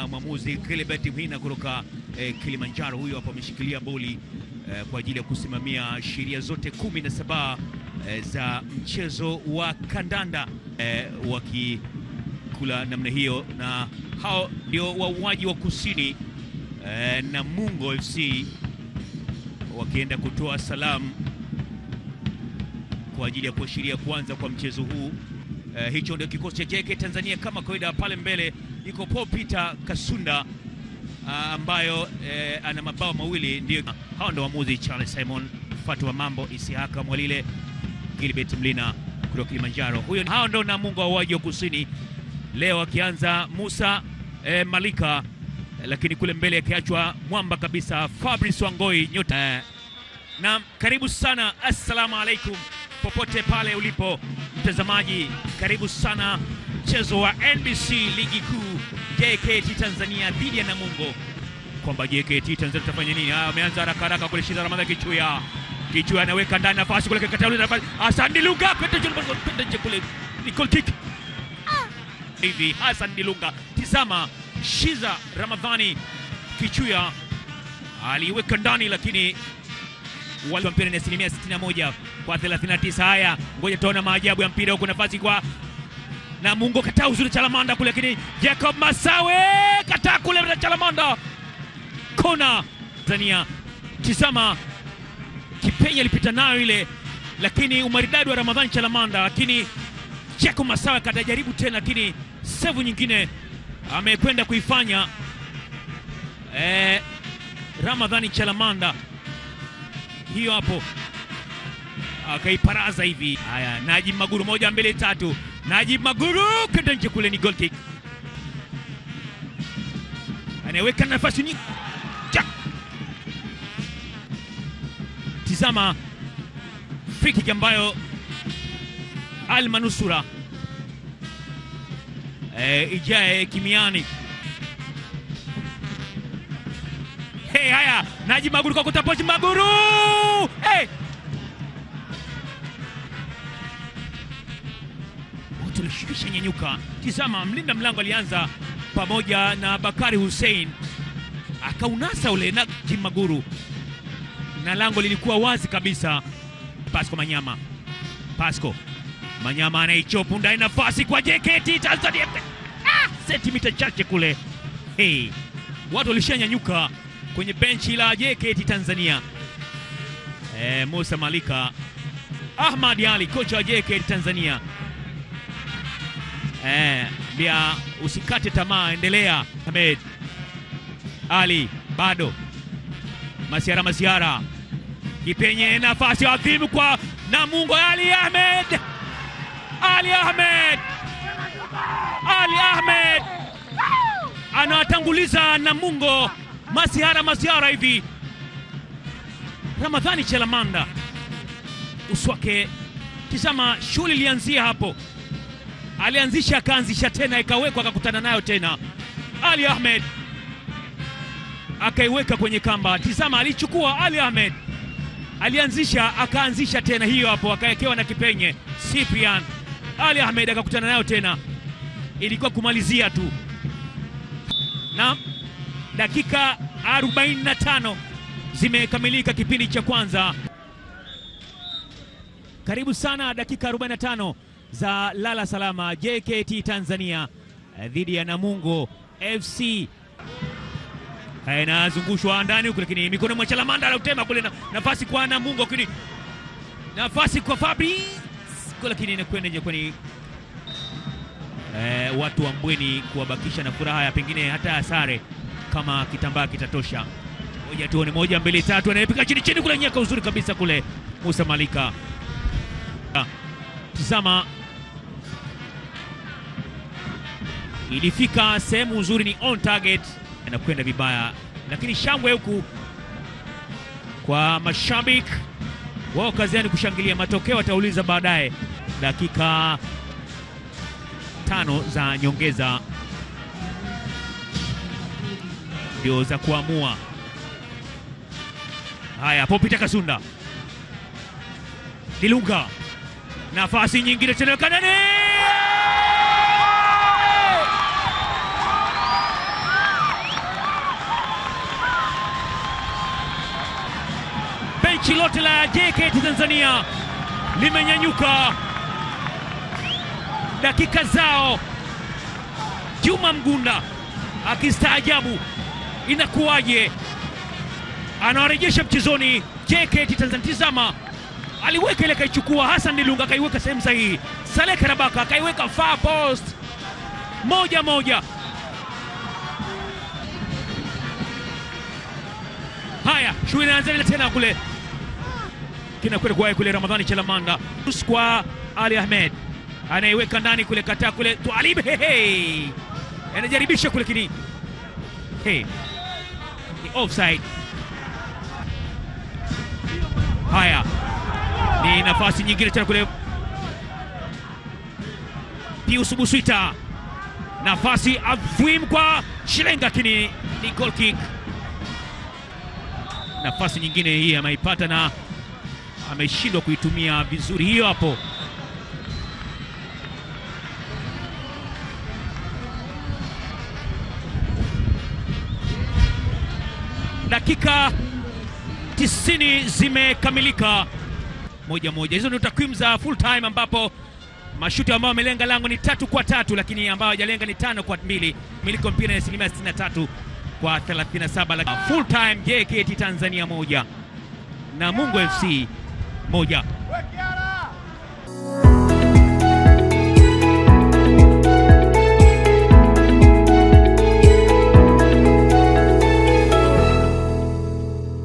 na mwamuzi Gilbert Mhina kutoka eh, Kilimanjaro. Huyo hapo ameshikilia boli eh, kwa ajili ya kusimamia sheria zote kumi na saba eh, za mchezo wa kandanda eh, wakikula namna hiyo, na hao ndio wauaji wa kusini eh, na Mungo FC wakienda kutoa salamu kwa ajili ya kuashiria kuanza kwa mchezo huu. Eh, hicho ndio kikosi cha JK Tanzania kama kawaida pale mbele iko Paul Peter Kasunda ah, ambayo eh, ana mabao mawili. Ndio hao ndio waamuzi Charles Simon Fatwa Mambo, Isiaka Mwalile, Gilbert Mlina kutoka Kilimanjaro. Huyo hao ndio Namungo wa Wajir Kusini leo akianza Musa eh, Malika eh, lakini kule mbele akiachwa mwamba kabisa Fabrice Wangoi nyota eh. na karibu sana, assalamu alaikum popote pale ulipo mtazamaji, karibu sana mchezo wa NBC ligi kuu JKT Tanzania dhidi ya Namungo, kwamba JKT Tanzania tutafanya nini? Ah, ameanza haraka haraka kule shida Ramadhani Kichuya. Kichuya anaweka ndani nafasi kule kikatauli nafasi. Hassan Dilunga kwenda juu kwenda nje kule. Ni goal kick. Hivi Hassan Dilunga. Tizama Shiza Ramadhani Kichuya aliweka ndani lakini wale wa mpira ni asilimia 61 kwa 39. Haya, ngoja tuone maajabu ya mpira huko, nafasi kwa na Mungu kataa uzuri Chalamanda kule, lakini Jacob Masawe kataa kule na Chalamanda kona Tanzania. Tizama Kipenya alipita nayo ile, lakini umaridadi wa Ramadhani Chalamanda, lakini Jacob Masawe katajaribu tena, lakini sevu nyingine amekwenda kuifanya eh, Ramadhani Chalamanda hiyo hapo akaiparaza hivi. Haya, Najim Maguru, moja mbili tatu Najib Maguru kedanje kule, ni goal kick, anaweka nafasi Jack. Tizama free kick ambayo Al Manusura e, eh, ijae kimiani. Hey, haya Najib Maguru kwa kutapoti Maguru nyanyuka. Tizama, mlinda mlango alianza pamoja na Bakari Hussein akaunasa ule na Jim Maguru, na lango lilikuwa wazi kabisa. Pasco Manyama, Pasco Manyama anaichopu ndani, nafasi kwa JKT Tanzania. Ah, sentimita chache kule. Hey, watu walishanyanyuka kwenye benchi la JKT Tanzania. Eh, Musa Malika, Ahmad Ali, kocha wa JKT Tanzania eh, bia usikate tamaa, endelea. Ahmed Ali bado Masiara, Masiara kipenye nafasi adhimu kwa Namungo. Ali Ahmed, Ali Ahmed, Ali Ahmed anawatanguliza Namungo. Masiara, Masiara hivi Ramadhani Chelamanda uswake, tizama, shughuli ilianzia hapo alianzisha akaanzisha tena ikawekwa akakutana nayo tena Ali Ahmed akaiweka kwenye kamba. Tizama, alichukua Ali Ahmed, alianzisha akaanzisha tena, hiyo hapo akawekewa na kipenye Cyprian. Ali Ahmed akakutana nayo tena, ilikuwa kumalizia tu. Na dakika 45 zimekamilika kipindi cha kwanza, karibu sana dakika 45 za lala salama JKT Tanzania eh, dhidi ya Namungo FC. Eh, inazungushwa ndani huko, lakini mikono mwa Chalamanda anatema kule, nafasi kwa Namungo, lakini nafasi kwa Fabri, lakini inakwenda nje, kwani eh, watu wa Mbweni kuwabakisha na furaha ya pengine hata sare kama kitambaa kitatosha. Moja tuone, moja mbili tatu, anayepika chini chini kule, nyeka uzuri kabisa kule, Musa Malika. Tizama ilifika sehemu nzuri, ni on target na kwenda vibaya, lakini shangwe huku kwa mashabiki wao, kazi yani kushangilia. Matokeo atauliza baadaye, dakika tano za nyongeza ndio za kuamua. Haya, popita Kasunda Dilunga, nafasi nyingine tena kanani benchi lote la JKT Tanzania limenyanyuka, dakika zao. Juma Mgunda akistaajabu inakuwaje, anawarejesha mchezoni JKT Tanzania. Tizama, aliweka ile akaichukua, Hassan Dilunga akaiweka sehemu sahihi, Saleh Karabaka akaiweka far post, moja moja. Haya, shughuli inaanza tena kule tena kule kule Ramadhani Chalamanda kwa Ali Ahmed anaiweka ndani kule, kataa kule Twalib, he, anajaribisha kule kini, hey, ni offside. Haya, ni nafasi nyingine tena kule Pius Busuita, nafasi adhim kwa Shilenga, kini ni goal kick. Nafasi nyingine hii amaipata na ameshindwa kuitumia vizuri hiyo hapo. Dakika tisini zimekamilika moja moja. Hizo ni takwimu za full time, ambapo mashuti ambayo amelenga lango ni tatu kwa tatu, lakini ambayo hajalenga ni tano kwa mbili. Miliko mpira ni asilimia 63 kwa 37. Full time JKT Tanzania moja na Mungu FC Moya.